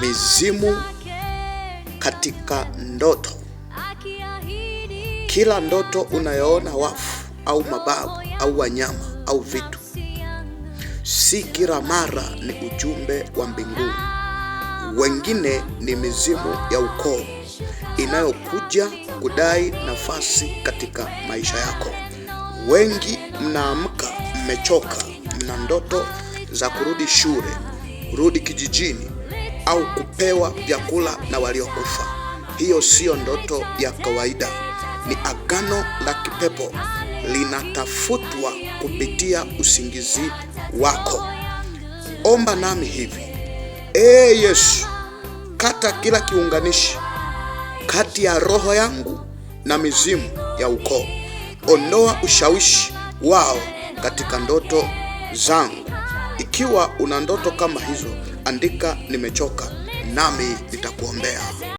mizimu katika ndoto. Kila ndoto unayoona wafu au mababu au wanyama au vitu, si kila mara ni ujumbe wa mbinguni. Wengine ni mizimu ya ukoo inayokuja kudai nafasi katika maisha yako. Wengi mnaamka mmechoka, mna ndoto za kurudi shule, kurudi kijijini au kupewa vyakula na waliokufa. Hiyo siyo ndoto ya kawaida, ni agano la kipepo linatafutwa kupitia usingizi wako. Omba nami hivi: Ee Yesu, kata kila kiunganishi kati ya roho yangu na mizimu ya ukoo. Ondoa ushawishi wao katika ndoto zangu. Ikiwa una ndoto kama hizo, andika nimechoka, nami nitakuombea.